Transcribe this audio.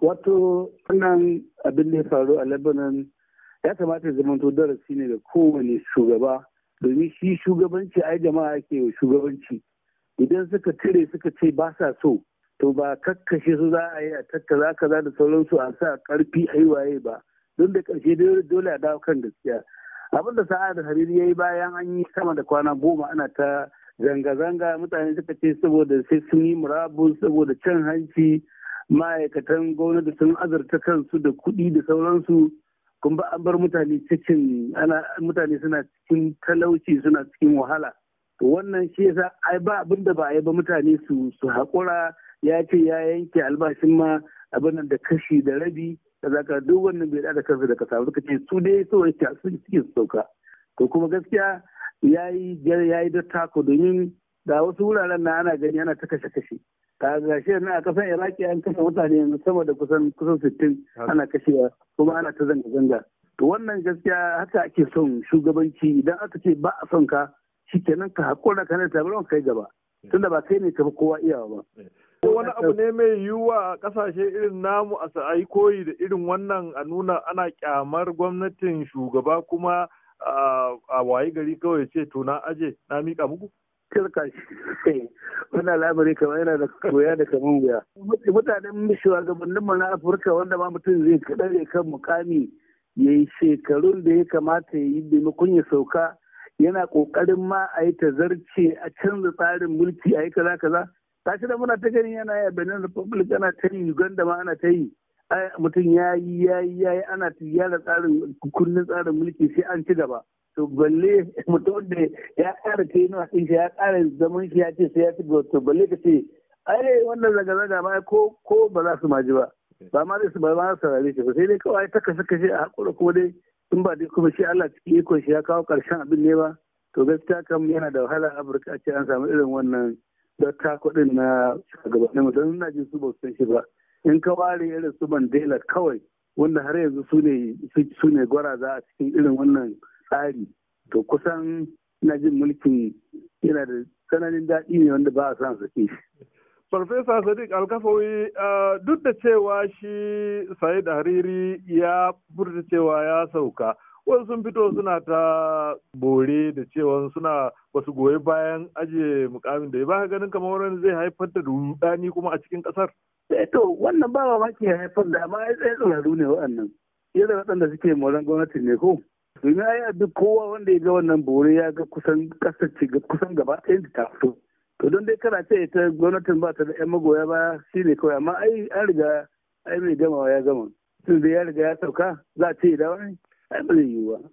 Wato wannan abin da ya faru a Lebanon ya kamata ya zamanto darasi ne da kowane shugaba domin shi shugabanci ai jama'a ke shugabanci idan suka cire suka ce ba sa so to ba kakkashe su za a yi a tattara za da sauransu a sa karfi a yi waye ba don da karshe dole a dawo kan gaskiya abin da sa'a da hariri ya yi bayan an yi sama da kwana goma ana ta zanga-zanga mutane suka ce saboda sai sun yi murabu saboda cin hanci ma'aikatan gwamnati sun azurta kansu da kuɗi da sauransu kun ba an bar mutane cikin ana mutane suna cikin talauci suna cikin wahala wannan shi yasa ai ba abin da ba a yi ba mutane su su haƙura ya ce ya yanke albashin ma abin da kashi da rabi da zaka duk wannan bai da kansu da kasa suka ce su dai so yake su cikin sauka to kuma gaskiya yayi yayi da tako domin da wasu wuraren na ana gani ana ta kashe kashe ka ga na a kasan iraki an kashe mutane sama da kusan kusan sittin ana kashewa kuma ana ta zanga-zanga to wannan gaskiya haka ake son shugabanci idan aka ce ba a son ka shi kenan ka hakura ka ne tabaron kai gaba tunda ba kai ne ka fi kowa iyawa ba ko wani abu ne mai yiwuwa a kasashe irin namu a sa'ayi koyi da irin wannan a nuna ana kyamar gwamnatin shugaba kuma a waye gari kawai ce to na aje na mika muku tilka shi wannan al'amari kamar yana da koya da kamun wuya mutanen shugabannin mu na afirka wanda ma mutum zai ya kan mukami ya yi shekarun da ya kamata ya yi maimakon ya sauka yana kokarin ma a yi tazarce a canza tsarin mulki a yi kaza kaza tashi da muna ta gani yana yi a benin republic ana ta yi uganda ma ana ta yi mutum ya yi ya yi ya yi ana gyara tsarin kullum tsarin mulki sai an ci gaba to balle mutum da ya ƙara ta yi nuna wasan shi ya ƙara zaman shi ya ce sai ya ci gaba to balle ka ce ai wannan zaga-zaga ma ko ko ba za su maji ba ba ma zai su ba ma su saurare shi ba sai dai kawai ta kashe kashe a hakura kuma dai in ba dai kuma shi Allah cikin ikon shi ya kawo ƙarshen abin ne ba to gaskiya kam yana da wahala a Afirka a ce an samu irin wannan da kuɗin na shugabannin mu don ina jin su ba su san shi ba in ka ware irin su Mandela kawai wanda har yanzu su ne su ne gwaraza a cikin irin wannan tsari to kusan ina jin mulkin yana da tsananin daɗi ne wanda ba a san sake shi Farfesa Sadiq Alkafawi duk da cewa shi Sa'id Hariri ya furta cewa ya sauka wasu sun fito suna ta bore da cewa suna wasu goyi bayan ajiye mukamin da ya baka ganin kamar wani zai haifar da rudani kuma a cikin kasar. Eh to wannan ba ma ke haifar da amma ya tsaye tsararru ne waɗannan. Yadda waɗanda suke moran gwamnati ne ko. Domin ai duk kowa wanda ya ga wannan bore ya ga kusan kasar ce kusan gaba ɗaya da ta fito. To don dai kana ce ta gwamnatin ba ta da 'yan magoya ba shine kawai amma ai an riga ai mai gamawa ya gama. sun da ya riga ya sauka za a ce idan I believe you are.